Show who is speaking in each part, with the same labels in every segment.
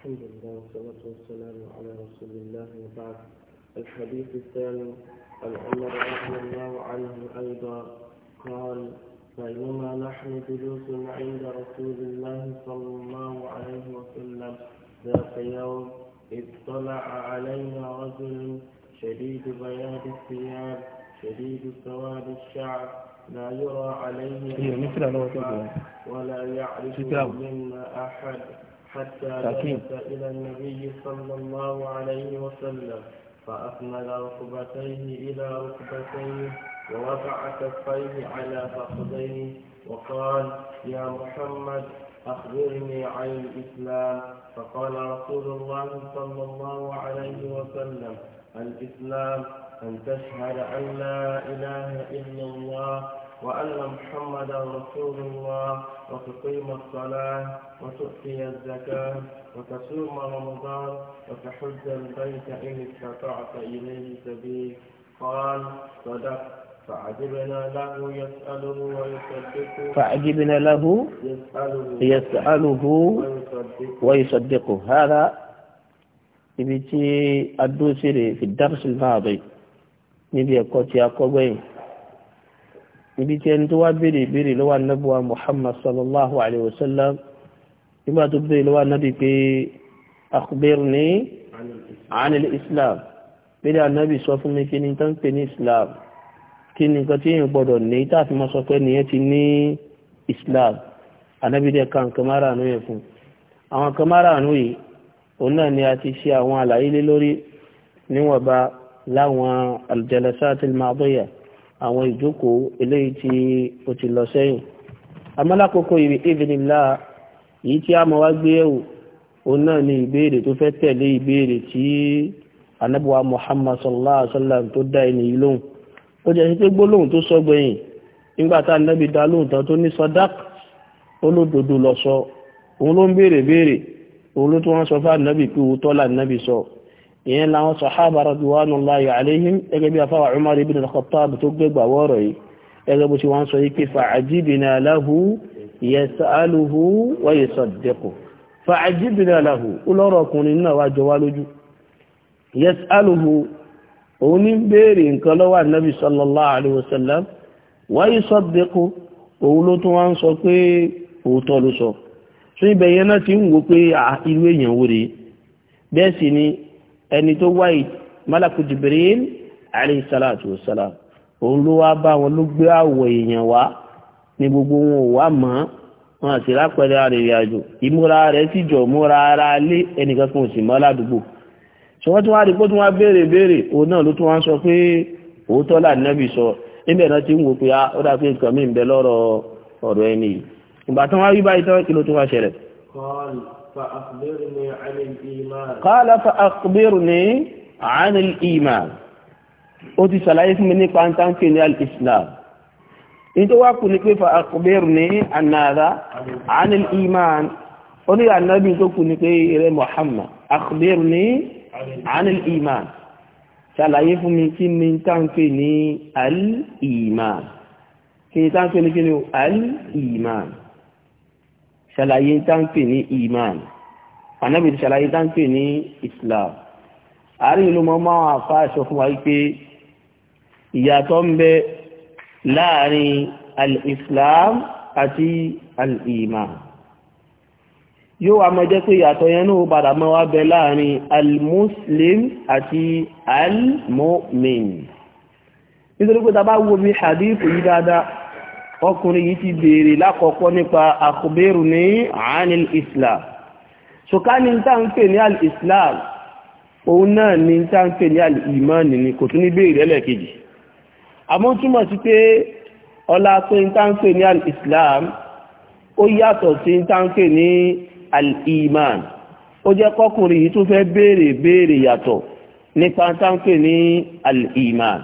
Speaker 1: الحمد لله والصلاة والسلام على رسول الله وبعد الحديث الثاني عن عمر رضي الله عنه أيضا قال بينما نحن جلوس عند رسول الله صلى الله عليه وسلم ذات يوم إذ طلع علينا رجل شديد بياض الثياب شديد سواد الشعر لا يرى عليه إيه، ولا يعرف منا أحد حتى جلس إلى النبي صلى الله عليه وسلم فأسند ركبتيه إلى ركبتيه ووضع كفيه على فخذيه وقال يا محمد أخبرني عن الإسلام فقال رسول الله صلى الله عليه وسلم الإسلام أن تشهد أن لا إله إلا الله وأن محمدا رسول الله وتقيم الصلاة وتؤتي الزكاة وتصوم رمضان وتحج البيت إن استطعت إليه سبيل قال صدقت فعجبنا له يسأله ويصدقه
Speaker 2: فعجبنا له
Speaker 1: يسأله, يسأله
Speaker 2: ويصدقه, ويصدقه هذا في الدرس الماضي نبي أكوتي أكوين níbi tí ẹni tó wá béèrè ìbéèrè lọ́wọ́ anábùwà muhammad sallallahu alayhi wa sallam nígbà tó béèrè lọ́wọ́ anábì pé akhbirni anil islam béèrè anábì sọ fún mi kí ni tó ń pè ní islam kí ni nǹkan tí èèyàn gbọ́dọ̀ ní táàfin máa sọ pé nìyẹn ti ní islam anábì dẹ̀ ka nǹkan àánú yẹn fún àwọn nǹkan àánú yìí òun náà ni a ti ṣe àwọn àlàyé lé lórí níwọ̀nba láwọn aljalasat al-maadiyah àwọn ìjókòó eléyìí tí ó ti lọ sẹ́yìn amálákòókò ibi ìbìnilá èyí tí a mọ̀ wá gbé ẹ̀wò òun náà ni ìbéèrè tó fẹ́ tẹ̀lé ìbéèrè tí anábùwà Muhammad sallallahu alaihi wasallam tó dá ẹni yìí lóhùn ó jẹ́ sí pé gbólóhùn tó sọ gbẹ̀yìn nígbà tá anábì dá lóhùn tán tó ní sọdák olódodo lọ sọ òun ló ń béèrè béèrè òun ló tún wọ́n sọ fún anábì pé òótọ́ là anábì sọ ìyẹn láwọn sọ̀hábà radwanullahi alayhim ẹgbẹ́ bí afáwà Umar ibn al-Khattab tó gbégbà wọ́rọ̀ yìí ẹgbẹ́ bó ṣe wọ́n sọ yìí pé fa'ajibna lahu yas'aluhu wa yusaddiqu fa'ajibna lahu olórọ̀ ọkùnrin náà wá jọ wá lójú yas'aluhu òun ní béèrè nǹkan lọ́wọ́ ànábì sallallahu alayhi wa sallam ẹni tó wáyé malaku jibril alayhi salatu wassalam òun ló wá bá wọn ló gbé àwọ̀ èèyàn wá ní gbogbo wọn ò wá mọ́ wọn àti lápẹẹrẹ arìnrìn àjò ìmúra rẹ̀ sì jọ múra ara lé ẹnìkan kan ò sì mọ́ ládùúgbò ṣe wọ́n tún wá rí pé tún wá béèrè béèrè òun náà ló tún wá sọ pé òótọ́ là sọ níbẹ̀ náà ti ń wò pé ah, ó dà pé nǹkan mi bẹ lọ́rọ̀ ọ̀rọ̀ ẹni yìí ìgbà tán wá rí báyìí tán kí ló tún wá ṣẹlẹ̀.
Speaker 1: فأخبرني عن الإيمان
Speaker 2: قال فأخبرني عن الإيمان ó ti ṣàlàyé fún mi ní pàǹtàǹkì ní al-islam in tó wá kù ní pé فأخبرني عن هذا عن الإيمان ó ní ànábì tó kù ní pé rẹ̀ Muhammad أخبرني عن الإيمان ṣàlàyé fún mi kí ni tàǹkì ní al-iman kí ni tàǹkì ní kí ni al-iman ṣàlàyé táǹpì ní iman anábì ṣàlàyé táǹpì ní islam àárín ìlú mọ́ máa àfá aṣọ fún wa wípé ìyàtọ̀ ń bẹ láàrin al-islam àti al-iman yóò wá mọ́ jẹ́ pé ìyàtọ̀ yẹn náà padà mọ́ wá bẹ láàrin al-muslim àti al-mu'min nítorí pé ta wo bí hadith yìí dáadáa ọkùnrin yìí ti béèrè lákọ̀ọ́kọ́ nípa àkùbẹ́rù ní àánil islam ṣùkání tá ń pè ní al-islam òun náà ni tá ń pè ní al-imani ni kò tún ní béèrè ẹlẹ́kejì àmọ́ túmọ̀ sí pé ọlá pé tá ń pè ní al-islam ó yàtọ̀ sí tá ń pè ní al-iman ó jẹ́ kọkùnrin yìí tún fẹ́ béèrè béèrè yàtọ̀ nípa tá ń pè ní al-iman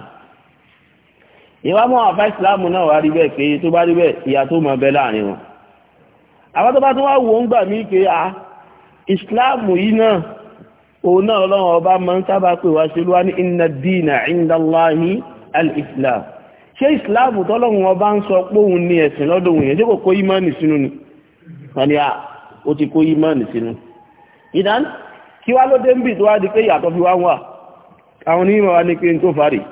Speaker 2: ìwà mọ́ àfá ìsìláàmù náà wà rí bẹ́ẹ̀ pé tó bá rí bẹ́ẹ̀ ìyà tó mọ̀ bẹ́ láàrin wọn àwọn tó bá tó wá wò ń gbà mí pé a ah, ìsìláàmù yìí náà òun náà ọlọ́run ọba máa ń sábà pè wá sí lúwá ní inna dina indallahi al-islam ṣé ìsìláàmù tọ́lọ́run ọba ń sọ pé ní ẹ̀sìn lọ́dọ̀ òun yẹn kò kó ìmánì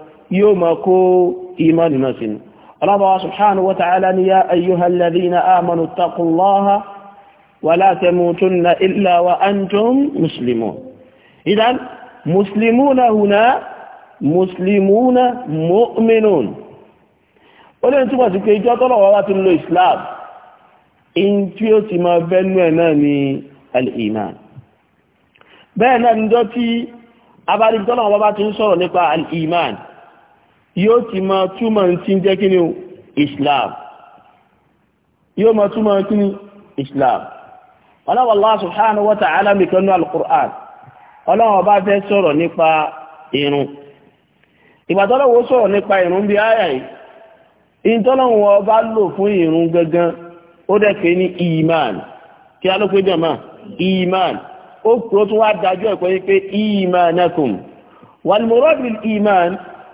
Speaker 2: yóò máa kó ìmánu náà sínú Allah subhanahu wa ta'ala ni ya ayyuhal ladhina amanu taqullaha wa la tamutunna illa wa antum muslimun idan muslimuna huna muslimuna mu'minun ó lè túnmọ̀ sí pé ìjọ tọ́lọ̀ wá ti lo islam in tí ó ti máa bẹ́nu ẹ̀ náà ni al-iman bẹ́ẹ̀ náà níjọ́ tí abáríkítọ́lọ̀ wá bá ti ń sọ̀rọ̀ nípa al-iman yóò ti máa túmọ̀ tí ń jẹ́ kí ni o islam yóò ma túmọ̀ kí ni islam ọlọ́wọ́ allah subhanahu wa ta'ala nìkan ní bá fẹ́ sọ̀rọ̀ nípa irun ìgbàtọ́lọ́wọ́ nípa irun bí áyà irun wal murad bil iman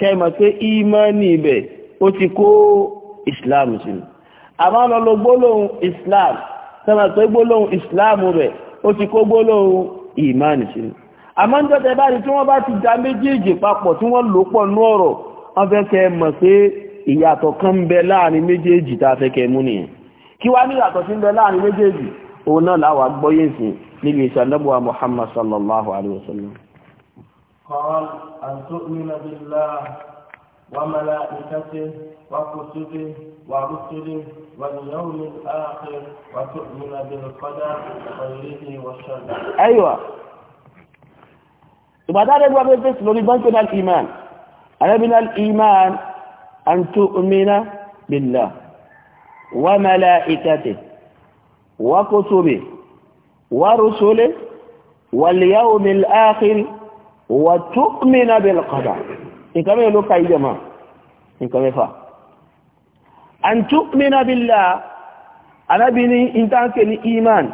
Speaker 2: kẹ́mọ̀ pé ìmánì ibẹ̀ ó ti kó islam sínú àmọ́ lọ lo gbólóhùn islam kẹ́mọ̀ pé gbólóhùn islam rẹ̀ ó ti kó gbólóhùn ìmánì sínú àmọ́ níjọ́ tẹ báyìí tí wọ́n bá ti da méjèèjì papọ̀ tí wọ́n lò pọ̀ nú ọ̀rọ̀ wọ́n fẹ́ kẹ́ mọ̀ pé ìyàtọ̀ kan ń bẹ láàrin méjèèjì tá a fẹ́ kẹ́ mú nìyẹn kí wá ní ìyàtọ̀ sí ń bẹ láàrin méjèèjì òun náà làwọn agbọ́yé sí nílé ìsànlẹ́bùwà Muhammad sallallahu alayhi wa sallam
Speaker 1: قال أن تؤمن بالله وملائكته وكتبه ورسله واليوم الآخر وتؤمن بالقدر خيره وشره أيوة
Speaker 2: يبقى ده رجوع بيزيس لو الإيمان أنا من الإيمان أن تؤمن بالله وملائكته وكتبه ورسله واليوم الآخر wa tu'mina bil qadar nǹkan mẹ́rin ló ka yìí jẹ̀mọ́ nǹkan mẹ́fà an tu'mina billah anábì ní ìtànkè ní iman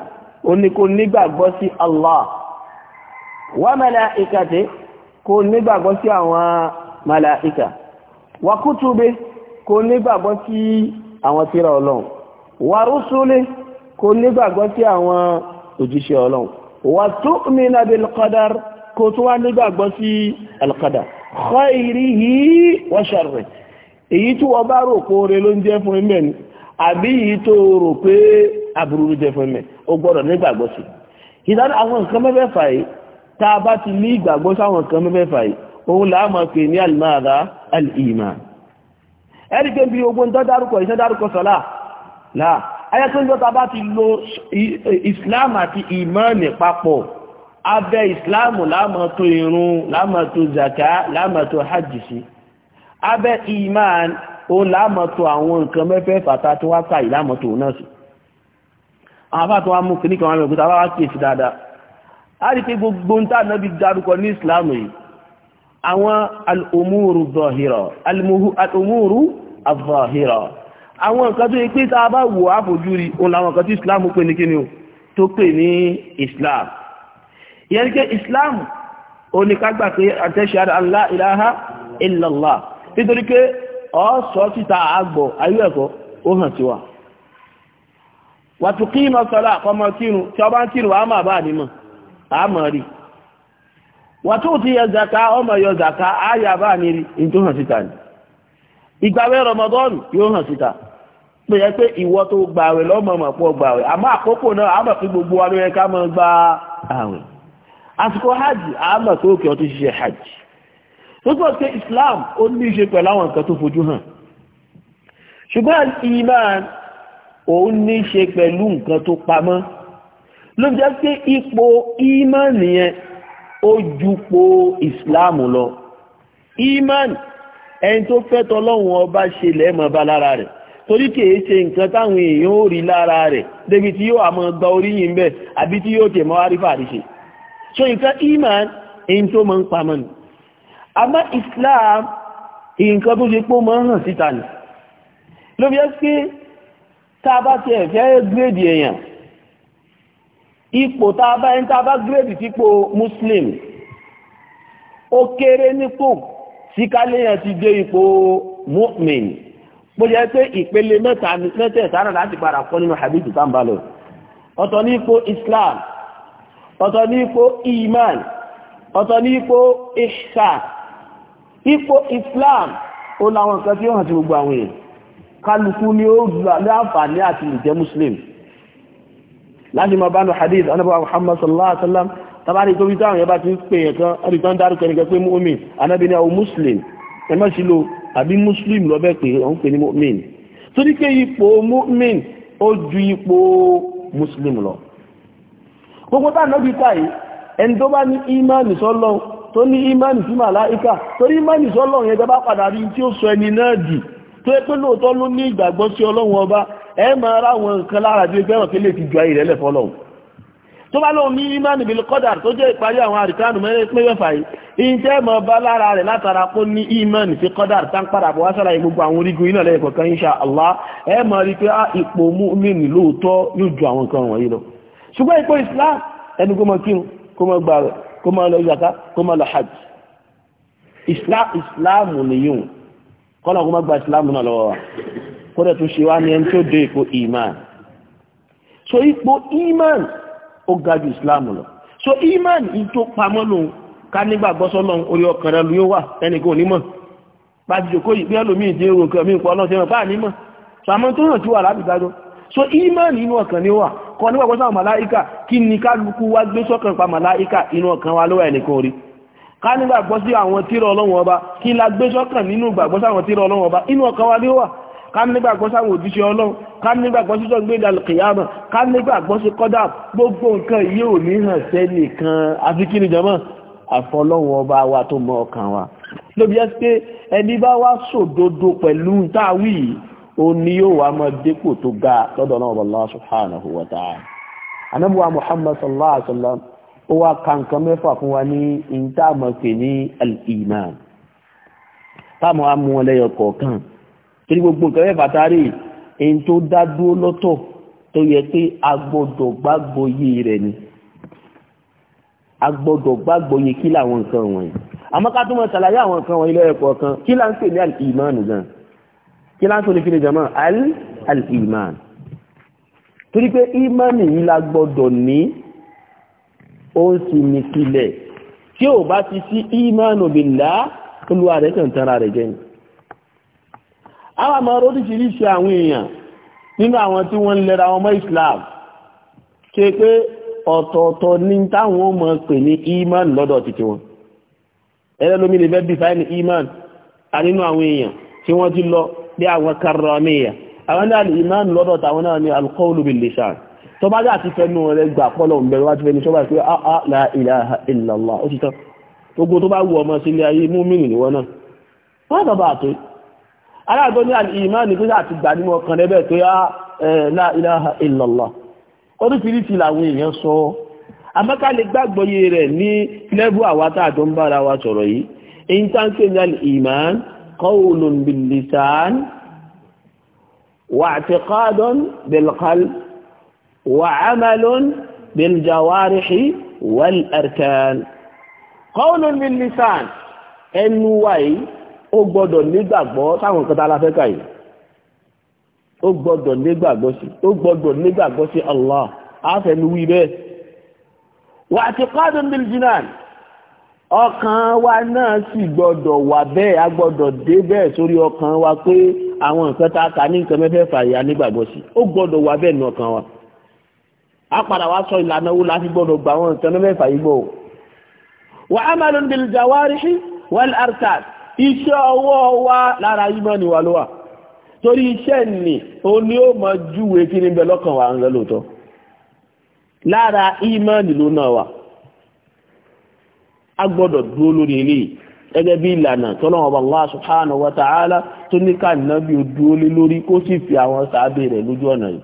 Speaker 2: ó ní kò nígbàgbọ́ sí allah wa malaikati kò nígbàgbọ́ sí àwọn malaika wa kutubi kò nígbàgbọ́ sí àwọn tírà ọlọ́run wa rusuli kò nígbàgbọ́ sí àwọn òjíṣẹ́ ọlọ́run wa tu'mina bil qadar kó tó wá nígbàgbọ́ sí alqadar khairihi wa sharrihi èyí tí wọ́n bá rò pé oore ló ń jẹ́ fún ẹ̀mẹ́ ni àbí èyí tó rò pé aburú ló jẹ́ fún ẹ̀mẹ́ o gbọ́dọ̀ nígbàgbọ́ sí ìdáná àwọn nǹkan mẹ́fẹ̀ẹ̀fà yìí tá a bá ti ní ìgbàgbọ́ sáwọn nǹkan mẹ́fẹ̀ẹ̀fà yìí òun là á ní alimáàdá al ẹni pé bí ogun tó dárúkọ iṣẹ́ dárúkọ sọ́lá láà ayẹ́ tó ń jọ́ta bá ti lo islam àti ìmánì papọ̀ abẹ́ ìsìláàmù lámọ̀tò irun lámọ̀tò zaka lámọ̀tò hajj sí abẹ́ iman ó lámọ̀tò àwọn nǹkan mẹ́fẹ́ fàtà tó wá káyì lámọ̀tò náà sí àwọn afá tó wá mú kìníkan wọn lòkúta wá kéèsì dáadáa a rí pé gbogbo ń tàà náà bí darúkọ ní ìsìláàmù yìí àwọn al'umuru zọ̀hìrà al'umuru azọ̀hìrà àwọn nǹkan tó yẹ pé tá bá wò áfojú rí òun làwọn nǹkan tí ìsìláàmù pè ní kíni tó pè ní ìsìláàmù ìyẹn ni pé islam ó ní ká gbà pé àtẹ́ṣẹ́ àlá ìlàhà ìlàlá nítorí pé ọ̀ọ́sọ̀ síta àgbọ̀ ayé ẹ̀kọ́ ó hàn sí wa wàtùkí ìmọ̀ sọ́lá ba kírun tí ma ń kírun àmà bá zaka ọmọ yọ zaka àyà bá ní rí ní tó hàn síta ni ìgbàwẹ̀ rọmọdọ́nù yóò hàn síta pé yẹ gbogbo wa àsìkò hajj àmà tó kẹ́ ọ tó ṣiṣẹ́ hajj tó sọ pé islam ó ní ṣe pẹ̀lú àwọn nǹkan tó fojú hàn ṣùgbọ́n iman òun ní ṣe pẹ̀lú nǹkan tó pamọ́ ló jẹ́ pé ipò iman nìyẹn ó jùpò islam lọ iman ẹni tó fẹ́ tọ́lọ́hun ọba ṣe lẹ́mọ̀ bá lára rẹ̀ torí kìí ṣe nǹkan táwọn èèyàn ó rí lára rẹ̀ débi tí yóò àmọ́ gba oríyìn bẹ́ẹ̀ àbí tí yóò tẹ̀ mọ́ àrífà àríṣe so nǹkan iman in tó mọ́ ń pamọ́ ni àmá e islam nǹkan tó ṣe pó mọ́ hàn síta ni ló bí ẹ́ pé tá bá ti ẹ̀fẹ́ gírèdì èèyàn ipò tá bá ń tá bá gírèdì sípò muslim ó kéré nípò sí káléyàn ti dé ipò mu'min bó jẹ́ pé ìpele mẹ́ta mẹ́tẹ̀ẹ̀ta náà láti padà kọ́ nínú hadith tá ń bá lọ ọ̀tọ̀ ní ipò islam ọ̀tọ̀ ní ipò iman ọ̀tọ̀ ní ipò ihsa ipò islam ó láwọn nǹkan tí ó hàn sí gbogbo àwọn èèyàn kálukú ni ó láǹfààní àti ìjẹ́ muslim láti mọ̀ bánu hadith anábọ̀ muhammad sallallahu tabari tó bí táwọn yẹn ti ń pè yẹn kan tán dárúkọ ẹnìkan pé mu'min anábì ni àwọn muslim ẹ sí lo àbí muslim lọ bẹ́ẹ̀ pé òun pè ní mu'min torí pé ipò mu'min ó ju ipò muslim lọ gbogbo tá náà bí káyìí ẹni tó bá ní ìmánì sọ́lọ́run tó ní ìmánì sí màláíkà torí ìmánì sọ́lọ́run yẹn tẹ́bá padà rí tí ó sọ ẹni náà dì tó ẹ pé lóòótọ́ ló ní ìgbàgbọ́ sí ọlọ́run ọba ẹ máa ra àwọn nǹkan lára bí ẹgbẹ́rún pé lè fi ju ayé rẹ̀ lẹ̀ fọlọ́run tó bá lóun ní ìmánì bil qadar tó jẹ́ ìparí àwọn àríkánù mẹ́fà ṣùgbọ́n ipò islam ẹni kó mọ kírun kó mọ gbà rẹ̀ kó mọ lọ ìyàká kó mọ lọ hajj islam islam nìyíun kọ́nà kó mọ gba islam náà lọ́wọ́ wa kó dẹ̀ tún ṣe wá ní ẹni tó dé ipò iman so ipò iman ó ga ju islam lọ so iman yìí tó pamọ́ lòun ká nígbàgbọ́ sọ́nà orí ọkàn rẹ̀ ló wà ẹnì kan ò ní mọ̀ bá ti jòkó yìí bí ẹlòmíì dé orò nǹkan mi pọ̀ ọlọ́run ti rán ní mọ̀ sàmọ́ tó hàn tí wà lábìdájọ́ so imani inú ọkàn ni ó wà kọ́ nígbà pẹ́ sáwọn màláíkà kí ni kálukú wá gbé sọ́kàn pa màláíkà inú ọkàn wa lọ́wọ́ ẹnìkan orí ká nígbàgbọ́ sí àwọn tírà Ọlọ́run ọba kí la gbé sọ́kàn nínú ìgbàgbọ́ sáwọn tírà Ọlọ́run ọba inú ọkàn wa ni ó wà ká nígbàgbọ́ sáwọn òjíṣẹ́ ọlọ́run ká nígbàgbọ́ sí sọ́gbé ìdàlùkìyàmọ̀ ká nígbàgbọ́ sí kọ́dà gbogbo nǹkan yìí ò ní hàn sẹ́nì kan afikiri jọmọ́ àfọlọ́wọ́ ọba wa tó mọ ọkàn wa lóbi ẹ́ pé ẹni bá wá sòdodo pẹ̀lú táwí yìí ó ní yóò wá máa dépò tó ga lọ́dọ̀ náà Allah subhanahu wa ta'ala anábùwà Muhammad sallallahu alaihi wa sallam ó wá ka nǹkan mẹ́fà fún wa ní ìntàmọ̀ pè ní al-iman táwọn amú ọlẹ́yọ kọ̀ọ̀kan torí gbogbo nǹkan mẹ́fà tárí èyí tó dá dúró lọ́tọ̀ tó yẹ pé a gbàgbọ́ yìí rẹ̀ ni a gbàgbọ́ yìí kí làwọn nǹkan wọ̀nyí àmọ́ ká tó mọ̀ ṣàlàyé àwọn nǹkan wọ̀nyí lẹ́yọ kọ̀ọ̀kan kí là ní al-iman gan-an kí láńtò ní kí ni jama al-iman torí pé imani yìí la gbọ́dọ̀ ní ó sì ní sílẹ̀ tí ò bá ti sí imanu billah olúwa rẹ̀ kàn tara rẹ̀ jẹ́ ni àwọn àmọ́ oríṣiríṣi àwọn èèyàn nínú àwọn tí wọ́n lẹ́ra ọmọ Islam ṣe pé ọ̀tọ̀ọ̀tọ̀ ní táwọn ọmọ pè ní iman lọ́dọ̀ títí wọn ẹlẹ́lómi lè fẹ́ bí fáìní iman a nínú àwọn èèyàn tí wọ́n ti lọ bí àwọn karamiya àwọn náà lè iman lọ́dọ̀ tàwọn náà ni alqawlu bil lisan tó bá dá ti fẹ́nu rẹ̀ gbà pọ́lọ̀ ń bẹ̀rẹ̀ wá ti fẹ́ni tó bá pé àà ah, ah, la ilaha illallah ó ti tán gbogbo tó bá wù ọmọ sílé ayé múmìnì níwọ́ náà wọ́n bàbá àtó aláàgbọ́ ní al-iman ní tó yà ti gbà nínú ń bára قول باللسان واعتقاد بالقلب وعمل بالجوارح والأركان قول باللسان ẹnu wa yìí ó gbọ́dọ̀ nígbàgbọ́ sáwọn nǹkan tá a la fẹ́ kà yìí ó gbọ́dọ̀ nígbàgbọ́ sí ó gbọ́dọ̀ nígbàgbọ́ sí Allah àfẹnuwí bẹ́ẹ̀ wà àti qadun bil jinan ọkàn wa náà sì gbọdọ̀ wà bẹ́ẹ̀ a gbọdọ̀ dé bẹ́ẹ̀ sórí ọkàn wa pé àwọn nǹkan tá a kà ní nǹkan mẹ́fẹ̀ẹ̀fà yà nígbàgbọ́ sí ó gbọdọ̀ wà bẹ́ẹ̀ ní ọkàn wa a padà wá sọ ìlànà wo láti gbọdọ̀ gba àwọn nǹkan mẹ́fẹ̀ẹ̀fà yìí gbọ́ wa amalun bil jawarihi wal arkan iṣẹ́ ọwọ́ wa lára ìmọ̀ ni wà ló wà torí iṣẹ́ ni o ní ó mọ júwe kí ní bẹ lọ́kàn wa ń lọ a gbọ́dọ̀ dúró lórí eléyìí gẹ́gẹ́ bí ìlànà tọ́lọ́wọ́n bá Allah subhanahu wa ta'ala tó ní ká nàbí dúró lé lórí kó sì fi àwọn sàábẹ̀ rẹ̀ lójú ọ̀nà yìí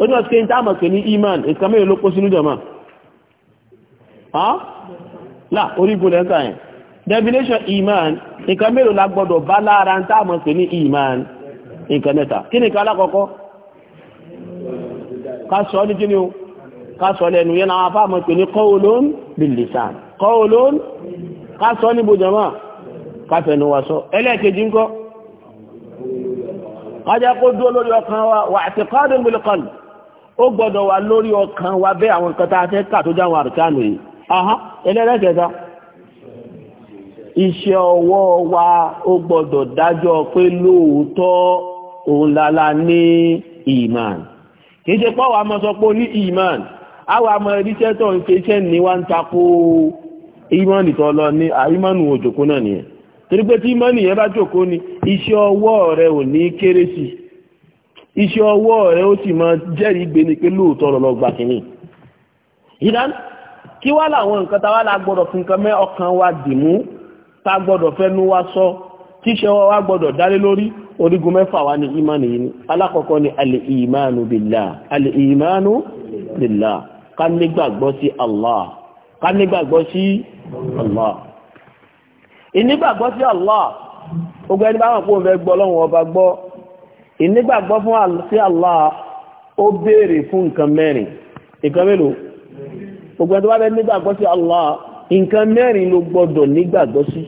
Speaker 2: ó ní ọ̀sẹ̀ tá ní iman nǹkan mẹ́rin ló kó sínú jọ̀mọ́ là orígun lẹ́ka yẹn definition iman nǹkan mẹ́rin la gbọ́dọ̀ bá lára tá a mọ̀ ní iman nǹkan mẹ́ta kí ni nǹkan alákọ̀ọ́kọ́ ká sọ ní kí ni o ká sọ lẹ́nu yẹn náà afá mọ̀ pé ní qawlun bil lisan qawlun ká sọ níbo jama káfẹ̀nu wa sọ ẹlẹ́ẹ̀kejì ńkọ́ kájá kó dúró lórí ọkàn wa wà àti kọ́dùn bil qalb ó gbọ́dọ̀ wà lórí ọkàn wa bẹ́ àwọn nǹkan tá a tó jáwọn aha ẹlẹ́ẹ̀kẹta iṣẹ́ ọwọ́ wa ó gbọ́dọ̀ dájọ́ pé iman kìí ṣe pọ́ wa mọ́ sọ pé iman àwọn àmọ́ ẹ̀ríṣẹ́ tó ń ṣe iṣẹ́ ní wá ń takò ìmánì tó lọ ní àìmánù òjòkó náà nìyẹn torí pé tí ìmánì yẹn bá jòkó ni iṣẹ́ ọwọ́ rẹ ò ní kéré sí iṣẹ́ ọwọ́ rẹ ó sì máa jẹ́rìí gbé ni pé lóòótọ́ lọ́lọ́ gbà kínní ìdáná kí wá làwọn nǹkan tá wá la gbọ́dọ̀ fi nǹkan mẹ́ ọkàn wa dì mú tá gbọ́dọ̀ fẹ́nu wa sọ tíṣẹ́ wa wá gbọ́dọ̀ dálé lórí orígun mẹ́fà wá ní ìmánì yìí ni alákọ̀ọ́kọ́ ni al-imanu billah al-imanu billah ká nígbàgbọ́ sí Allah ká nígbàgbọ́ sí Allah ìnígbàgbọ́ sí Allah gbogbo ẹni bá wọn kó fẹ́ gbọ́ lọ́wọ́ ọba gbọ́ ìnígbàgbọ́ sí Allah ó fún nǹkan mẹ́rin nǹkan mélòó gbogbo ẹni tó bá fẹ́ nígbàgbọ́ sí Allah nǹkan mẹ́rin ló nígbàgbọ́ sí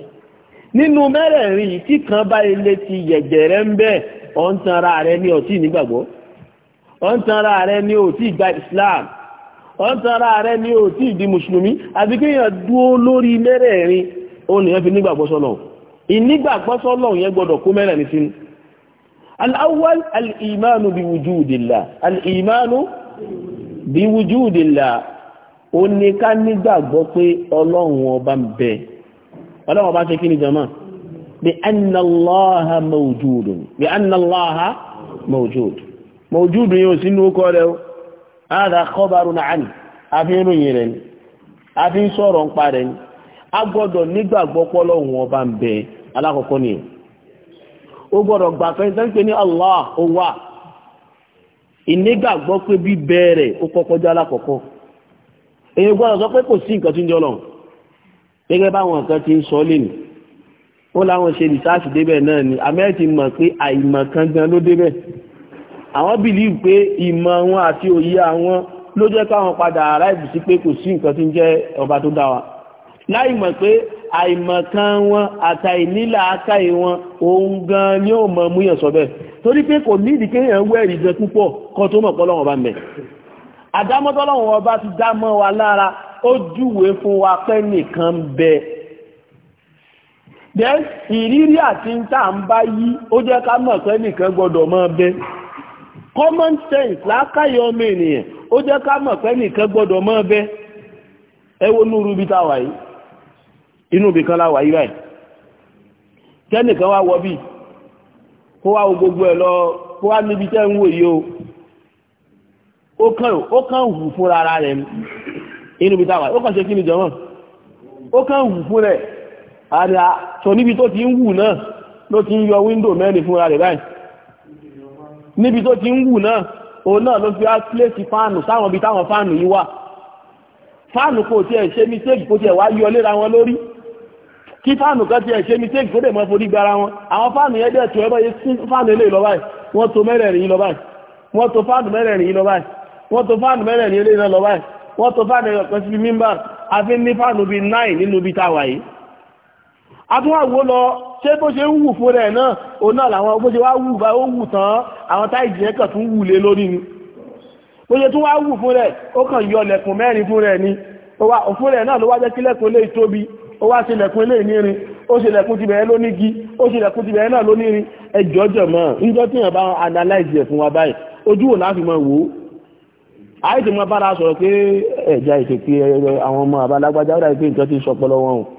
Speaker 2: nínú mẹ́rẹ̀ẹ̀rin ọ̀ntara rẹ̀ ni ò tí ìdí mùsùlùmí àti kí èèyàn dúó lórí mẹ́rẹ̀ẹ̀rin ó nìyàn fi nígbàgbọ́ sọ́nà ìnígbàgbọ́ sọ́nà yẹn gbọ́dọ̀ kó mẹ́rẹ̀ ní sínú al-awwal al-imanu bi wujudillah al-imanu bi wujudillah ó ní ká nígbàgbọ́ pé ọlọ́run ọba ń bẹ ọlọ́run ààrẹ akọ́bàrú náà àní àfi ń ròyìn rẹ̀ ni àfi ń sọ̀rọ̀ ń pa rẹ̀ ni a gbọ́dọ̀ nígbàgbọ́ pọ́lọ́hùn ọba ń bẹ alákọ̀ọ́kọ́ ni ó gbọ́dọ̀ gbà pé ní sẹ́ńpẹ́ ní Allah ó wà ìnígbàgbọ́ pé bíbẹ rẹ̀ ó kọ́kọ́ jẹ́ alákọ̀ọ́kọ́ èyí gbọ́dọ̀ sọ pé kò sí nǹkan tó ń jọ gẹ́gẹ́ báwọn nǹkan ti ń sọ lẹ́nu ó láwọn ṣe rìsáàsì débẹ̀ náà ni amẹ́rìtì mọ̀ pé àìmọ̀ kan gan ló débẹ̀ àwọn bìlíì pé ìmọ̀ wọn àti òye àwọn ló jẹ́ káwọn padà aráàlú sí pé kò sí nǹkan tí ń jẹ́ ọba tó dá wa láì mọ̀ pé àìmọ̀kan wọn àtàìnílà akáì wọn òun gan ni ó mọ̀ múyàn sọ bẹ́ẹ̀ torí pé kò ní ìdíkéyàn wẹ̀rì jẹ púpọ̀ kan tó mọ̀ pọ́lọ́wọ́n bá mẹ́ then ìrírí àti ń tà ń bá yí ó jẹ́ common sense lákàyè ọmọ ènìyàn ó jẹ́ ká mọ̀ pé nìkan gbọ́dọ̀ mọ́ bẹ́ ẹ wo inú rúbi tá wà yìí inú ibì kan la wà yìí báyìí kẹ́nìkan wá wọ bíi kó wá wo gbogbo ẹ̀ lọ kó wá níbi tẹ́ ń wò yìí o ó kàn ó kàn hù fúnra ara rẹ̀ inú ibì tá a wà yìí ó kàn ṣe kí ni jọ̀wọ́n ó kàn hù fúnra ẹ̀ àdà sọ níbi tó ti ń hù náà ló ti ń yọ wíńdò mẹ́rin fúnra rẹ̀ báyìí níbi tó ti ń wù náà òun náà ló fi á pléèsì fáànù sáwọn ibi táwọn fáànù yìí wà fáànù kò tiẹ̀ ṣe mistake kò tiẹ̀ wá yọ léra wọn lórí kí fáànù kan tiẹ̀ ṣe mistake kó dẹ̀ mọ́ forí gbára wọn àwọn fáànù yẹn dẹ̀ tó ẹ báyìí sí fáànù eléyìí lọ báyìí wọ́n to mẹ́rẹ̀ẹ̀rin lọ báyìí wọ́n to fáànù mẹ́rẹ̀ẹ̀rin lọ báyìí wọ́n to fáànù mẹ́rẹ̀ẹ̀rin adúnwàwó lọ ṣé bó ṣe ń wù fún rẹ̀ náà òun náà làwọn bó ṣe wá wù bá ó wù tán àwọn táìsì yẹn kàn tún wù lé lórí ni bó ṣe tún wá wù fún rẹ̀ ó kàn yọ lẹ̀kùn mẹ́rin fún rẹ̀ ni fún rẹ̀ náà ló wá jẹ́ kí lẹ̀kùn lè tóbi ó wá ṣe lẹ̀kùn ilé ìnírin ó ṣe lẹ̀kùn ti bẹ̀rẹ̀ lónígi ó ṣe lẹ̀kùn ti bẹ̀rẹ̀ náà lónírin ẹjọ́ jẹ̀mọ́ níjọ́ tí yàn bá analyze ẹ̀ fún wa báyìí ojú wò láti mọ̀ wò ó àìsí mọ́ bára sọ̀rọ̀ pé ẹ̀já ìṣèpé àwọn ọmọ àbálágbájá ó dàbí pé nǹkan ti sọpọlọ wọn o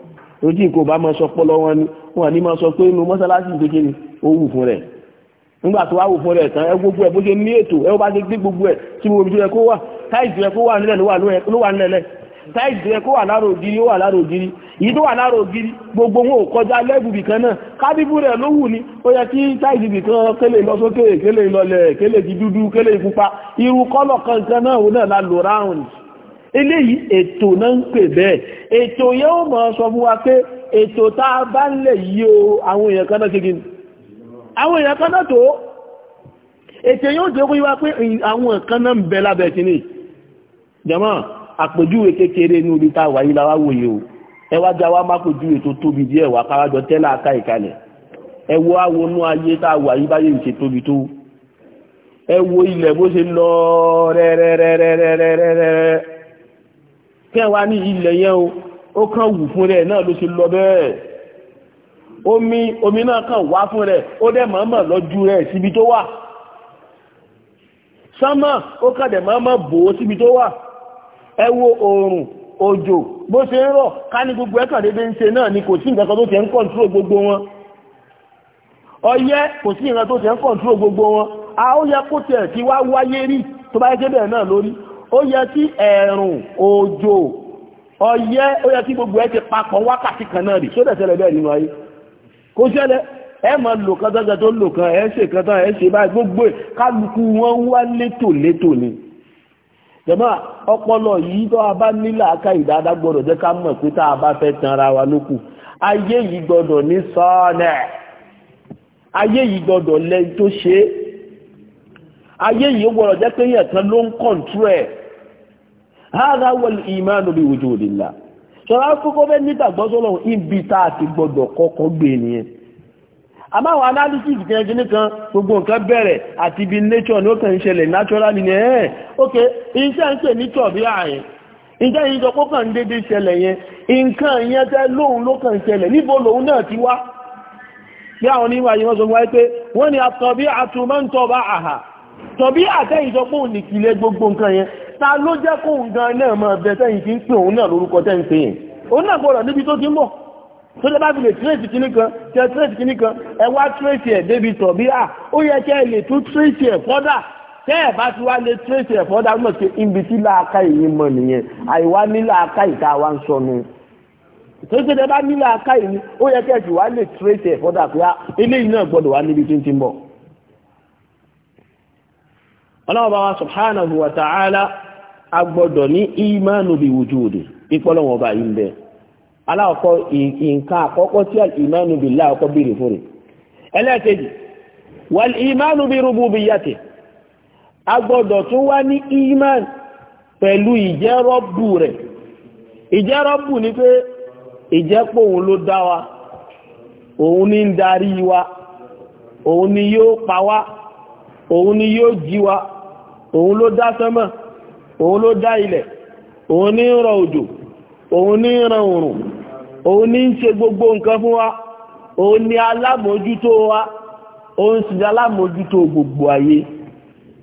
Speaker 2: ojú nǹkan bá máa sọ pọ́lọ́ wọn ni wọn ní máa sọ pé inú mọ́sálásí ìdókè ni ó wù fún rẹ̀ nígbà tó wá wù fún rẹ̀ tán ẹ gbogbo ẹ bó ṣe ní ètò ẹ bá ṣe gbé gbogbo ẹ tí mo fi ẹkọ wà táìsì ẹkọ wà nílẹ̀ ló wà nílẹ̀ táìsì ẹkọ wà lára ògiri ó wà lára ògiri yìí tó wà lára ògiri gbogbo wọn ò kọjá náà kábíbù rẹ̀ ló wù ó yẹ kí táìsì kélé lọ sókè kélé lọlẹ̀ kélé ti dúdú kélé irú kọ́lọ̀ kankan náà náà la lò eléyìí ètò náà ń pè bẹ́ẹ̀ ètò yẹn ó mọ̀ sọ fún wa pé ètò tá a bá ń lẹ̀ yí o àwọn èèyàn kan náà ṣe gini àwọn èèyàn kan náà tó ètò yóò jẹ́ kó yí wá pé àwọn kan náà ń bẹ lábẹ́ kìíní jàmá àpèjúwe kékeré ní orí tá a wà yí la wá wòye o ẹ wá já wá má pèjúwe tó tóbi díẹ̀ wá káwájọ tẹ́lá aká ìkalẹ̀ ẹ wo awonú ayé tá a wà yí báyé ìṣe tóbi tó ẹ wo ilẹ̀ bó ṣe lọ rẹ́rẹ́rẹ́rẹ́rẹ́rẹ́rẹ́ kẹwàá ní ilẹ̀ yẹn o ó kàn wù fún rẹ̀ náà ló ṣe lọ bẹ́ẹ̀ omi omi náà kàn wá fún rẹ̀ ó dẹ̀ mọ̀ọ́mọ̀ lọ́jú rẹ̀ síbi tó wà sánmà ó kàn dẹ̀ mọ̀ọ́mọ̀ bò ó síbi tó wà ẹ wo oòrùn òjò bó ṣe ń rọ̀ ká ní gbogbo ẹ̀kàn dédé ń ṣe náà ni kò sí nǹkan tó ti ń kọ̀ǹtúrò gbogbo wọn ọyẹ́ kò sí nǹkan tó ti ń kọ̀ǹtúrò gbogbo wọn a ó yẹ kó tiẹ̀ ti wá wáyé rí tó bá yẹ kébẹ̀ náà lórí ó yẹ kí ẹ̀rùn òjò ọyẹ́ ó yẹ kí gbogbo ẹ ti papọ̀ wákàtí kan náà rí só dẹ̀ bẹ́ẹ̀ nínú ayé kò ṣẹlẹ̀ ẹ mọ̀ lò kan tọ́jọ́ tó lò kan ẹ̀ kan tán ẹ̀ báyìí gbogbo kálukú wọn wá létò létò ni jọba ọpọlọ yìí tó a bá nílà aka ìdáadá gbọ́dọ̀ jẹ́ ká mọ̀ pé tá a bá fẹ́ tan ara wa lókù ayé yìí gbọ́dọ̀ ní sọ́ọ̀nẹ̀ ayé yìí gbọ́dọ̀ lẹ́yìn tó ṣe ayé yìí gbọ́dọ̀ jẹ́ pé yẹn kan ló ń kọ̀ǹtúrẹ̀ hádá wọl ìmánu bí wujudillah ṣọ́ra kókó fẹ́ nígbàgbọ́ sọ́lọ́run ibi tá a ti gbọ́dọ̀ kọ́kọ́ gbé e ni àmọ́ àwọn analysis kan kí ní kan gbogbo nǹkan bẹ̀rẹ̀ àti ibi nature ni ó kàn ń ṣẹlẹ̀ naturally ni ẹ̀ ok iṣẹ́ ń pè ní tọ̀bí ààyè iṣẹ́ yìí sọ pé kàn déédéé ṣẹlẹ̀ yẹn nǹkan yẹn tẹ́ lóhun ló kàn ṣẹlẹ̀ níbo lòun náà ti wá bí àwọn onímọ̀ ayé wọ́n sọ wáyé pé wọ́n ní àtọ̀bí àtúmọ̀ ń tọ́ bá àhà tọ̀bí àtẹ́yìn sọ pé òun nìkìlẹ̀ gbogbo nǹkan yẹn ta ló jẹ́ kó ń gan náà máa bẹ sẹ́yìn tí ń pè òun náà lórúkọ tẹ́ ń pè yìn òun náà gbọ́dọ̀ níbi tó ti ń bọ̀ tó jẹ́ bá fi lè tírèsì kìíní kan tẹ tírèsì kìíní kan ẹ wá tírèsì ẹ̀ débi tọ̀ bí à ó yẹ kẹ́ ẹ lè tún tírèsì ẹ̀ fọ́dà tẹ́ ẹ̀ bá ti wá lè tírèsì ẹ̀ fọ́dà náà ṣe ibi tí láàká yìí mọ̀ nìyẹn àìwá ní láàká ìta wa ń sọnù torí pé ọlọ́ọ̀bá wa subhanahu wa ta'ala agbọ́dọ̀ ní imanu bi wujudi ìpọ́lọ́wọ̀n ọba yìí aláwọ̀kọ́ nǹkan àkọ́kọ́ tí al-imanu billah ọkọ́ bèèrè rẹ̀ ẹlẹ́ẹ̀kejì wal imanu bi wá ní iman pẹ̀lú ìjẹ́rọ́bù rẹ̀ ìjẹ́rọ́bù ni pé ìjẹ́pọ̀ òun ló dá wa òun ni ń darí wa òun ni yóò pa wa òun ni yóò jí wa òun ló dá sánmà òun ló dá ilẹ̀ òun ní ń rọ òjò òun ní ń ran òrùn òun ní ń ṣe gbogbo nǹkan fún wa òun ní alámòójútó wa òun sì ní alámòójútó gbogbo ayé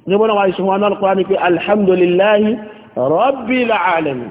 Speaker 2: nígbọ́n wa ìṣẹ́ wọn alkùnrin ni pé alhamdulillahi rabbil alamin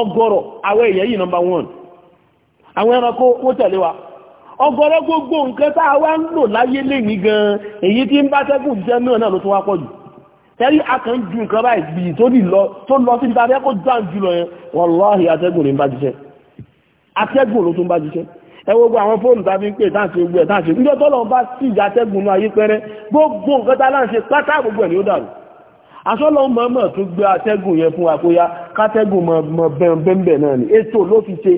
Speaker 2: ọgọ́rọ̀ àwọn èèyàn yìí number one àwọn ẹranko wọ́n tẹ̀lé wa ọgọ́rọ̀ gbogbo nǹkan tá a wá ń lò láyé lẹ́yìn gan èyí tí ń bá tẹ́kùn jẹ́ náà náà ló tún wá pọ̀ jù tẹ́rí akàn ju nǹkan báyìí gbìyì tó lọ sí ìdáfẹ́ kó já jù lọ yẹn wàláhì atẹ́gùn ní bá jíṣẹ́ atẹ́gùn ló tún bá jíṣẹ́ ẹ gbogbo asọ́lọ́ mọ́mọ́ tó gbé atẹ́gùn yẹn fún àkóyá kátẹ́gùn mọ́ bẹ́ẹ̀bẹ́ẹ̀ náà ni ètò ló fi ṣe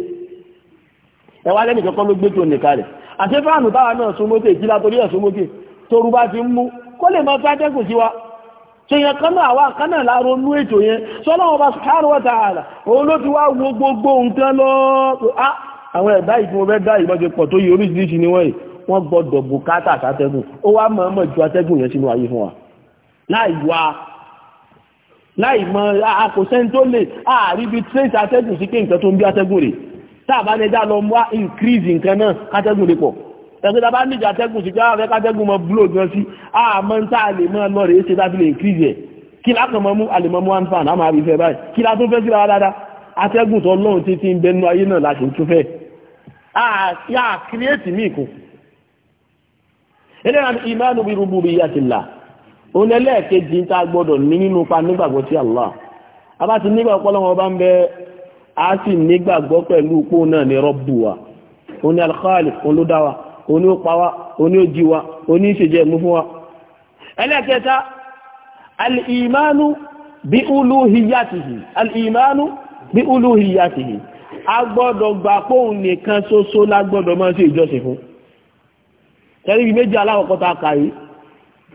Speaker 2: ẹwà lẹ́nì kankan ló gbé tó nìka rẹ̀ àti fáànù táwa náà súnmọ́tẹ̀ ìjìlá torí ẹ̀ súnmọ́tẹ̀ torú bá ti ń mú kó lè máa fi atẹ́gùn sí wa ṣe yẹn kan náà àwa kan náà láàrọ̀ nú ètò yẹn sọ́lọ́ wọn bá subhanahu wa ta'ala òun ló ti wá wo gbogbo nǹkan lọ ah, àwọn ẹ̀dá ìfún ọbẹ̀ dá ìbọ̀jẹ̀ pọ̀ tó yẹ oríṣiríṣi ni wọ́n yìí wọ́n gbọ́dọ̀ bùkátà àtàtẹ́gùn ó wá mọ̀ọ́mọ̀ ju atẹ́gùn yẹn sínú ayé fún wa láì wá láì mọ àkòsẹ́ni tó lè àríbi trace atẹ́gùn sí pé nǹkan tó ń bí atẹ́gùn rẹ̀ tàbá ní ẹjá lọ wá increase nǹkan náà kátẹ́gùn rẹ̀ pọ̀ ẹgbẹ́ tàbá ní ìjà atẹ́gùn sí pé àwọn afẹ́ kátẹ́gùn mọ blow gan sí àmọ́ ń tà lè mọ́ lọ rèé ṣe láti lè increase ẹ̀ kí lákan mọ́ mú àlèmọ́mú one fan àmọ́ àbí fẹ́ báyìí kí látún fẹ́ síra dáadáa atẹ́gùn tó lọ́run ti ti ń bẹnu ayé náà láti tún fẹ́ yà create mí kù eléyàn ìmánu bí rúbú bí yà ti là òun ẹlẹ́ẹ̀kejì tá a gbọ́dọ̀ ní nínú pa nígbàgbọ́ sí Allah abá ti nígbàgbọ́ lọ́wọ́ bá ń bẹ a sì nígbàgbọ́ pẹ̀lú pò náà ní rọ́bù wa òun ni al-Khaliq òun ló dá wa òun ni ó pa wa òun ni ó jí wa òun ni ìṣèjẹ́ mú fún wa ẹlẹ́ẹ̀kẹta al bí uluhiyatihi al gbà póun nìkan ṣoṣo la máa ṣe ìjọsìn fún tẹ́lifí méjì aláwọ̀kọ́ta kàyí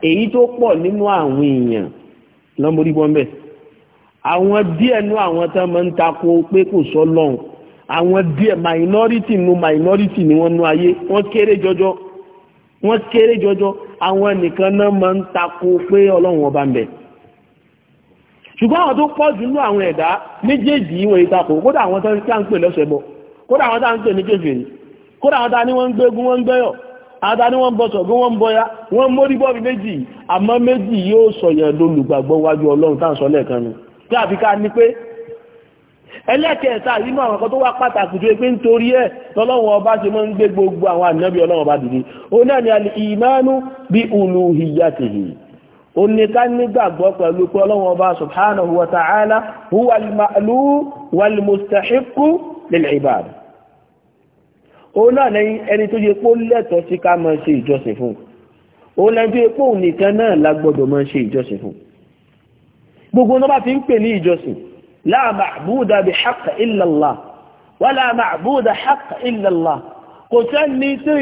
Speaker 2: èyí tó pọ̀ nínú àwọn èèyàn lọ́mọdé bọ́m̀bẹ̀ àwọn díẹ̀ nú àwọn tán máa ń takò pé kò sọ lọ́hùn àwọn díẹ̀ minority nu minority ni wọ́n nú ayé wọ́n kéré jọjọ wọ́n kéré jọjọ àwọn nìkan náà máa ń takò pé ọlọ́run ọba ń bẹ ṣùgbọ́n àwọn tó pọ̀ jù nú àwọn ẹ̀dá méjèèjì ìwọ̀n ìtakò kódà àwọn tán ń pè lọ́sẹ̀ bọ̀ kódà àwọn tán ń pè ní kéfèrè kódà àwọn tán ní wọ́n ń gbégun wọ́n ń gbẹ́yọ̀ àdá ní wọ́n bọ́ sọ̀gún wọ́n bọ́yá wọ́n mórí bọ́ọ̀bì méjì àmọ́ méjì yóò sọ̀yàn lólùgbàgbọ́ wájú ọlọ́run tá à ń sọ lẹ́ẹ̀kan ni tí àfi ká ní pé ẹlẹ́kẹ̀ẹ́ta yìí máa nǹkan wá pàtàkì tó pé nítorí ẹ̀ lọ́lọ́run ọba ṣe máa gbé gbogbo àwọn ànábì òun náà lẹ́yìn ẹni tó yẹ pé ó lẹ́tọ̀ọ́ sí ká máa ṣe ìjọsìn fún òun lẹ́yìn tó yẹ pé òun nìkan náà la gbọ́dọ̀ máa ṣe ìjọsìn fún gbogbo náà bá fi ń pè ní ìjọsìn la ma'buda bi haqq illa Allah wala ma'buda haqq illa Allah kò sẹ́ni tó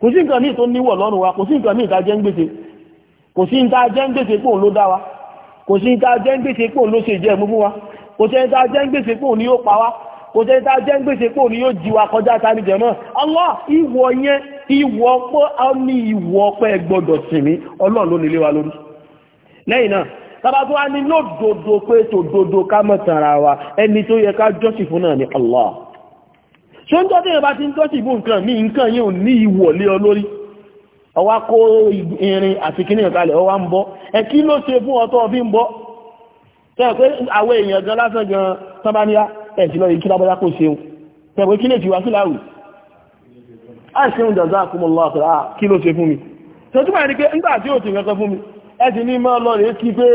Speaker 2: sí nǹkan míì tó níwọ̀ lọ́rùn wa kò sí nǹkan míì tá ń gbèsè kò ló dá kò sí ta jẹ́ ń gbèsè pò ló ṣe jẹ́ mú fún wa kò sẹ́ni ta jẹ́ ń gbèsè pò ní yóò pa wá kò sẹ́ni ta jẹ́ ní yóò jí kọjá ìwọ yẹn ìwọ̀, pé pé gbọdọ̀ ọlọ́run nílé wa lórí lẹ́yìn náà tàbá tó wá ní lódodo pé ẹni tó yẹ ká fún náà ni ní ọwá kó irin àti kíní ìkàlẹ̀ ọwá ń bọ́ ẹ kí ló ṣe fún ọtọ́ fi ń bọ́ tẹ́ pé àwọn èèyàn gan lásán gan sábáníyá ẹ̀sì lọ ìkílá bọ́lá kò ṣeun tẹ́ pé kí lè ti wá sí láwù àìsíhun dàzá àkúmọ̀lọ́ àkàrà kí ló ṣe fún mi tó túnmọ̀ ní pé nígbà tí ó ti nǹkan fún mi ẹ ti ní mọ́ lọ rèé kí pé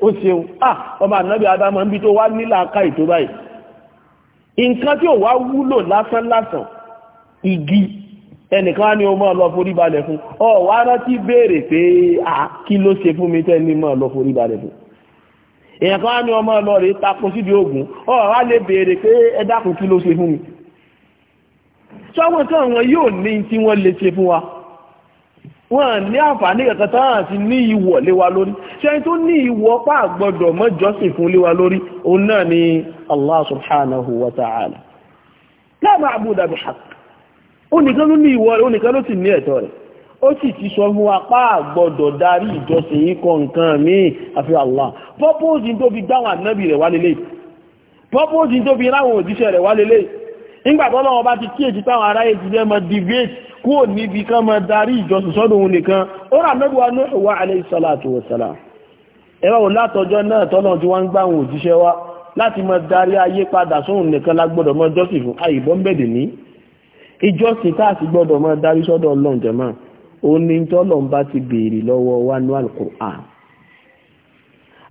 Speaker 2: ó ṣeun ah ọmọ ànábì adámọ́ níbi tó wá nílà ká ìtó báyìí nǹkan tí ò wá ẹnìkan ni o máa lọ forí balẹ̀ fún ọ wá rántí béèrè pé à kí ló ṣe fún mi tẹ́ni máa lọ forí balẹ̀ fún èèyàn kan ni o máa lọ rèé takun síbi ogun ọ wá lè béèrè pé ẹ dákun kí ló ṣe fún mi sọ́wọ́n tí àwọn yóò ní tí wọ́n lè ṣe fún wa wọ́n ní àǹfààní kankan tán àti ní ìwọ̀ léwa lórí ṣe tó ní ìwọ̀ pa àgbọ́dọ̀ mọ́jọ́sìn fún léwa lórí òun náà ni Allah subhanahu wa ta'ala la ma'buda bihaqq ó nìkan ló ní ìwọ rẹ̀ ó nìkan ló sì ní ẹ̀tọ́ rẹ̀ ó sì ti sọ fún apá àgbọ̀dọ̀ darí ìjọsìn yìí kan nǹkan míì àfi Allah pọ́pọ́sì tó fi dáwọn ànábì rẹ̀ wá lélẹ̀ pọ́pọ́sì tó fi ráwọn òjíṣẹ́ rẹ̀ wá lélẹ̀ nígbà tó lọ́wọ́ bá ti kíyèsí táwọn aráyé ti fẹ́ mọ debate kúrò níbi kan mọ darí ìjọsìn sọ́dọ̀ òun nìkan ó rà ànábì wa Nuhu wa alayhi salatu wa salam ẹwà wò látọjọ́ náà tọ́nà tí wọ́n ń gbà àwọn òjíṣẹ́ wa láti mọ darí ayé padà sóhun nìkan lágbọ́dọ̀ mọ jọ́sìn fún àyíbọ́n bẹ̀dẹ̀ ní ìjọsìn tá a sì gbọ́dọ̀ máa darí sọ́dọ̀ ọlọ́run jẹ̀mọ́ òní tọ́lọ́run bá ti béèrè lọ́wọ́ wa ní alukur'an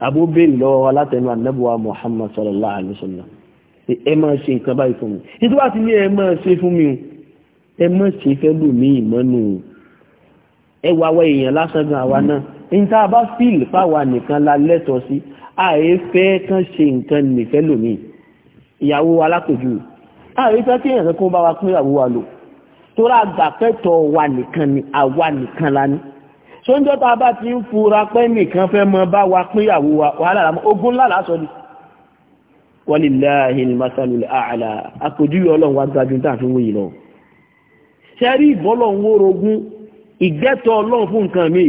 Speaker 2: àbó béèrè lọ́wọ́ wa látẹnu anábùwà muhammad sallallahu alayhi wa sallam ẹ máa ṣe nǹkan báyìí fún mi nítorí wàá ti ní ẹ máa ṣe fún mi ẹ má ṣe fẹ́ lòmí ìmọ́nu ẹ wà wá èèyàn lásán gan àwa náà ní tá a bá fíìlì fáwa nìkan la lẹ́tọ̀ọ́ sí àìfẹ́ kan ṣe nǹkan nìfẹ́ lòmí ìyàwó alákòjú rẹ̀ àríkà kí èèyàn kankan bá wa pín ìyàwó wa lò torí àgbàpẹ́tọ̀ wa nìkan ni àwa nìkan la ní sóńjọ́ tá a bá ti ń fura pé nìkan fẹ́ mọ bá wa pín ìyàwó wa wàhálà làmọ́ ogun ńlá làásọ ni walillahi al-masalu al-a'la àpèjúwe ọlọ́run wa gbájú tá a fi ń wòye lọ sẹ́rí ìbọ́lọ̀hún orogún ìgbẹ́tọ̀ ọlọ́run fún nǹkan mi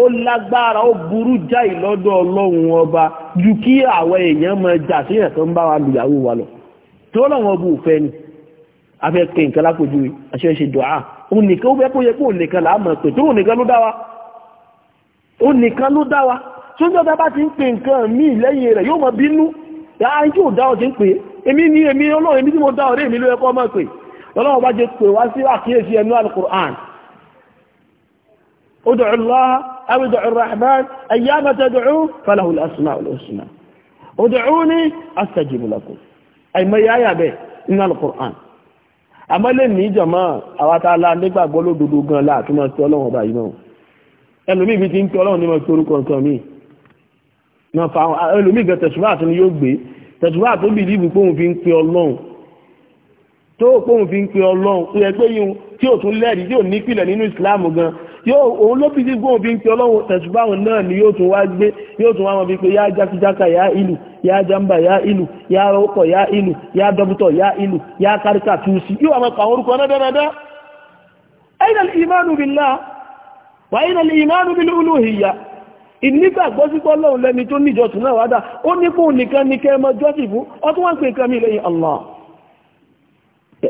Speaker 2: ó lágbára ó burú jáì lọ́dọ̀ ọlọ́run ọba ju kí àwọn èèyàn mọ jà sí ẹ̀kan bá wa lùyàwó wa lọ tó lọ́wọ́ bú fẹ́ ni afẹ́ pé nǹkan lápòjú aṣẹ́ṣe dọ̀á òun nìkan ó fẹ́ kó yẹ kó nìkan láàmọ̀ pé tó òun nìkan ló dá wa òun nìkan ló dá wa tó ń jọba bá ti ń pè nǹkan míì lẹ́yìn rẹ̀ yóò mọ bínú dáa yóò dá ti ń pè èmi ادعوني أستجيب لكم àìmọye àyà bẹ́ẹ̀ nínú alukur'an àmọ́ lè ní ìjọ̀mọ́ àwọn tá la nígbàgbọ́ lódodo gan la àti máa tọ́ ọlọ́run ọba yìí náà ẹlòmíì fi ti ń tọ́ ọlọ́run ní máa torí kọ̀ọ̀kan mi náà fa àwọn ẹlòmíì gan tẹ̀sùbá àti ni yóò gbé tẹ̀sùbá àti ó bìlíìbù póun fi ń pe ọlọ́run tó póun fi ń pe ọlọ́run ó yẹ pé yín tí ò tún lẹ́rìí tí ò nípìlẹ̀ nínú ìsìláàmù gan yóò òun ló fi gbogbo òbí ń pe ọlọ́run tẹ̀sùbáwọn náà ni yóò tún wá gbé yóò tún wá wọn bí pé yá jákíjáka yá ìlú yá jamba yá ìlú yá ọkọ̀ yá ìlú yá dọ́bútọ̀ yá ìlú yá káríkà tún sí yóò àwọn kàwọn orúkọ náà dáadáa aina ìmánu billah wa aina ìmánu bil uluhiyya ìnígbàgbọ́ sí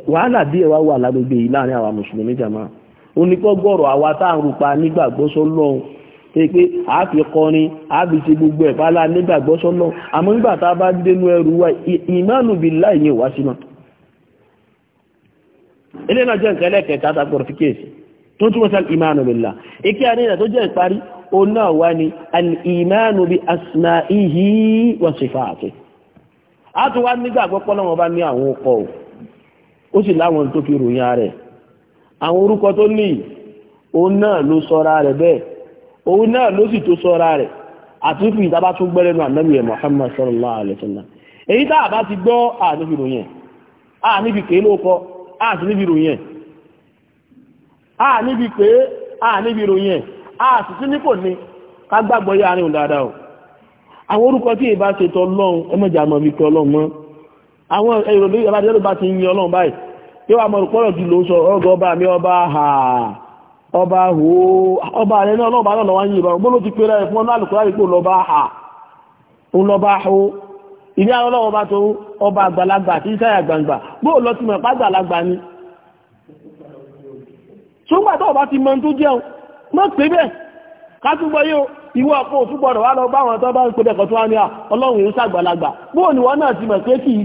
Speaker 2: wà àwọn oníkọ́gbọ̀rọ̀ àwa tá à ń rupa nígbàgbọ́ sọ́lọ́run ṣe pé a fi kọrin a fi ṣe gbogbo ẹ̀fà lá nígbàgbọ́ sọ́lọ́run àmọ́ nígbà tá a bá dénú ẹrù wa ìmánu billahi yẹn wá sí náà imanu billah ike àníyàn tó jẹ́ ìparí òun náà wá ní al-imanu wa sifatihi a tún wá nígbàgbọ́ pọ́lọ́wọ́n bá ní àwọn ọkọ̀ ó sì láwọn tó fi ròyìn rẹ̀ àwọn orúkọ tó ní òun náà ló sọra rẹ̀ bẹ́ẹ̀ òun náà ló sì tó sọra rẹ̀ àti fi ìta tún gbẹ́rẹ́ nù ànábì ẹ̀ sallallahu alaihi wasallam èyí tá a bá ti gbọ́ àníbi ròyìn àníbi kèé ló kọ àníbi ròyìn àníbi pé àníbi ròyìn àtìtí ní kò ní ká gbàgbọ́ yá àárín dáadáa o àwọn orúkọ tí ìbá ṣe tọ́ lọ́hun ẹmọ́jà yóò wà mọ̀rùn pọ́rọ̀ jù ló sọ ọgọ́ mi ọba ha ọba ho ọba rẹ̀ náà lọ́ba náà wá ń yìnbọn gbọ́n ti pèrè fún ọ́nà àlùkùrá rí ha òun lọ́ba ho ìní àwọn ọlọ́wọ́ bá tó ọba àgbàlagbà àti iṣẹ́ àgbàǹgbà bóò lọ ti mọ̀ pàgbàlagbà ni ṣùgbà tó ọba ti mọ tó jẹun mọ́ pé bẹ́ẹ̀ kátúgbọ́ yóò ìwọ ọ̀pọ̀ òtúgbọ̀rọ̀ wá lọ báwọn tó bá ń pè tó wá ní ọlọ́run yóò bóò ni wọ́n náà ti mọ̀ pé kì í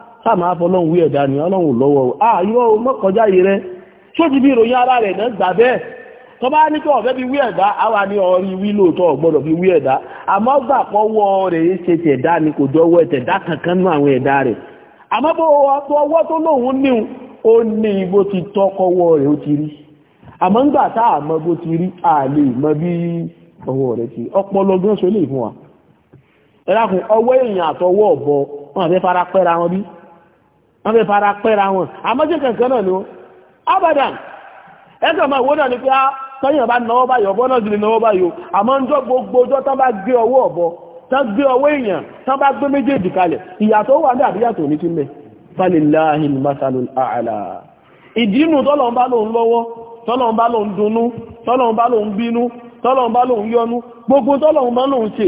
Speaker 2: sáàmà afọlọ́run wí ẹ̀dà ni ọlọ́run lọ́wọ́ ààyọ́ ah, mọ́kànjá yìí rẹ ṣó ti bí ìròyìn ara rẹ̀ náà gbà bẹ́ẹ̀ bá ní kí ọ̀fẹ́ bí wí ẹ̀dà àwa ni ọ̀rí wí lóòótọ́ ọ̀gbọ́dọ̀ fi wí àmọ́ gbà pọ́wọ́ rẹ̀ ń kankan àwọn rẹ̀ àmọ́ bó ní ti wọ́n fẹ́ fara pẹ́ra wọn àmọ́jẹ́ kẹ̀kẹ́ náà ni ó abadan ẹgbẹ́ ọmọ ìwọ́n náà ni pé á ah, tọ́yìn ọba náwọ́ báyìí ọ̀bọ náà sì ni náwọ́ báyìí àmọ́ ń jọ gbogbo ọjọ́ tán bá gbé ọwọ́ ọ̀bọ tán gbé ọwọ́ èèyàn tán bá gbé méjèèjì kalẹ̀ ìyàtọ̀ wà ní àbíyàtọ̀ ní kílẹ̀ falilahi masalul ala ìdínú tọ́lọ́n bá lòun lọ́wọ́ tọ́lọ́n bá lòun dunnú tọ́lọ́n bá lòun bínú tọ́lọ́n bá lòun yọnu gbogbo tọ́lọ́n bá lòun ṣe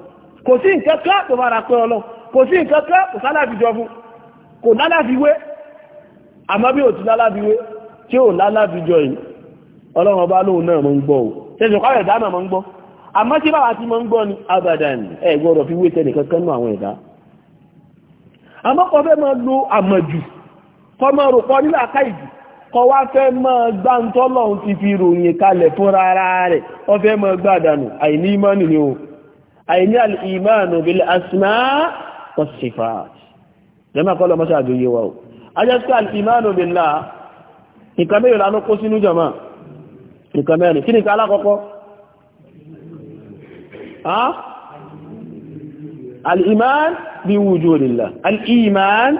Speaker 2: kò sí nǹkan kan tó fara pẹ́ kò sí nǹkan kan kò sálàbí jọ fún kò lálàbíwé àmọ́ bí ò ti lálàbíwé tí ò la yìí ọlọ́run ọba lóhun náà mọ́ ń gbọ́ o tẹ́sùn káwẹ̀ ẹ̀dá náà mọ́ ń gbọ́ àmọ́ tí ti mọ́ ń gbọ́ ni abadan ẹ fi wé tẹnìkan kan nú àwọn ẹ̀dá àmọ́ fẹ́ máa lo àmọ̀jù o àìní al'imánu bil asma wa sifat jama kọlọ mọ́ṣà àjòyè wa o ajásíkà al'imánu billah nǹkan mẹ́rin lánà kó sínú jama nǹkan mẹ́rin kí nìkan alákọ́kọ́ al'iman bí wujudillah al'iman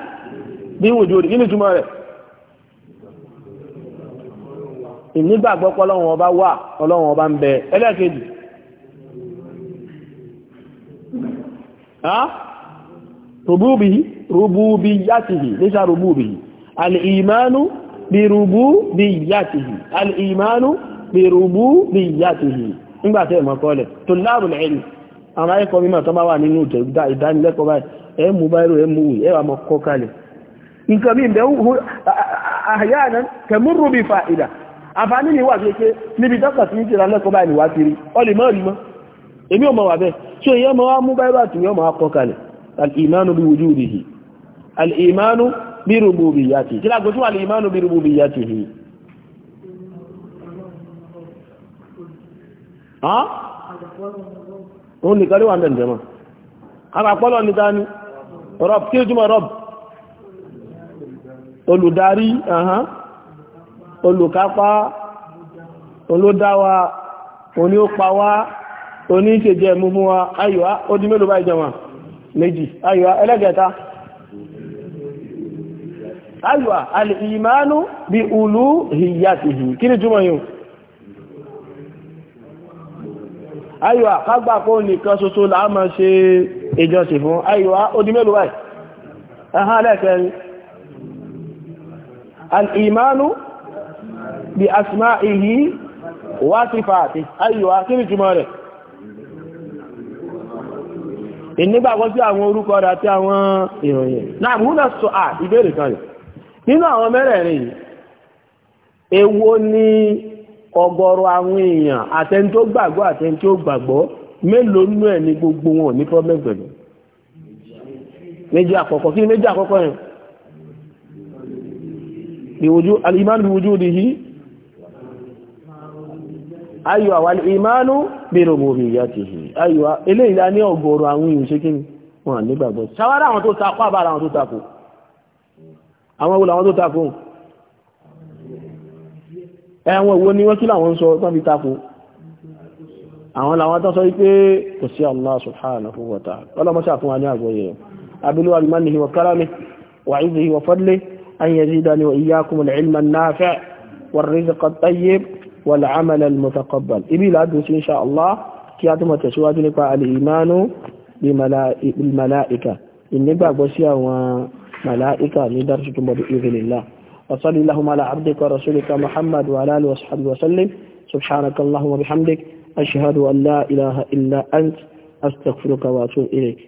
Speaker 2: bí wujudi inú túnmọ̀ rẹ̀ rububihi rububiyatihi laysa rububihi al-imanu bi rububiyatihi al-imanu bi rububiyatihi nígbà tẹ́ mọ̀ kọ́lẹ̀ tó láàrùn ẹ̀lú àwọn ayẹ́kọ́ mímọ̀ tó bá wà nínú ìdánilẹ́kọ̀ọ́ báyìí ẹ mú báyìí ẹ mú ẹ wà mọ̀ kọ́ kalẹ̀ nǹkan bí ìbẹ̀ àyànà tẹ̀múrù bí fàìdà àfààní ni wà kéèké níbi dọ́kà tí ń tẹ̀ra lẹ́kọ̀ọ́ báyìí wà kiri ọ lè mọ́ rí mọ́ èmi ò mọ̀ wà bẹ́ẹ̀ so èyàn ma wá mú báyìí tí yọ́ ma kọ kalẹ̀ al'imánu bí wujudihi al'imánu bí rububiyyatihi kí lágbó tún al'imánu bí rububiyyatihi òun nìkan ló wà mẹ́rin jẹ́mọ́ àpapọ̀lọ́ ní dání rọ́b kí ojúmọ̀ rọ́b olùdarí olùkápá olódáwà oní òní ṣe jẹ mú fún wa ayò ó di mélòó báyìí jẹun méjì ayò ẹlẹ́gẹ̀ta ayò alìmánu bí ulú hìyàtìhì kí ni túmọ̀ yìí ayò kágbà kó nìkan ṣoṣo là á máa ṣe ìjọsìn fún ayò ó di mélòó báyìí ẹ̀hán ẹlẹ́kẹ̀rin alìmánu bí asmá'ihi ìnígbàgbọ́ sí àwọn orúkọ rẹ̀ àti àwọn ìròyìn náà sọ à ìbéèrè kan rẹ̀ nínú àwọn mẹ́rẹ̀ẹ̀rin èwo ni ọgọrọ àwọn èèyàn àtẹni tó gbàgbọ́ àtẹni tó gbàgbọ́ mélòó ní ayọ̀ àwọn ìmánú bi rububiyyatihi ayọ̀ ilé ìlà ní ọgọ́rọ̀ àwọn èèyàn ṣe kíni wọn nígbàgbọ́ ṣàwárá àwọn tó takọ́ àbára àwọn tó takò àwọn wo làwọn tó takò ẹ̀wọ̀n wo ni wọ́n sọ tán fi takò àwọn làwọn tán sọ wípé kò sí Allah subhanahu والعمل المتقبل إبي لا دوس إن شاء الله كي أتم تسواج نقع الإيمان بالملائكة إن نقع بسيا وملائكة ندرس تنبض بإذن الله وصل اللهم على عبدك ورسولك محمد وعلى آله وصحبه وسلم سبحانك اللهم وبحمدك أشهد أن لا إله إلا أنت أستغفرك وأتوب إليك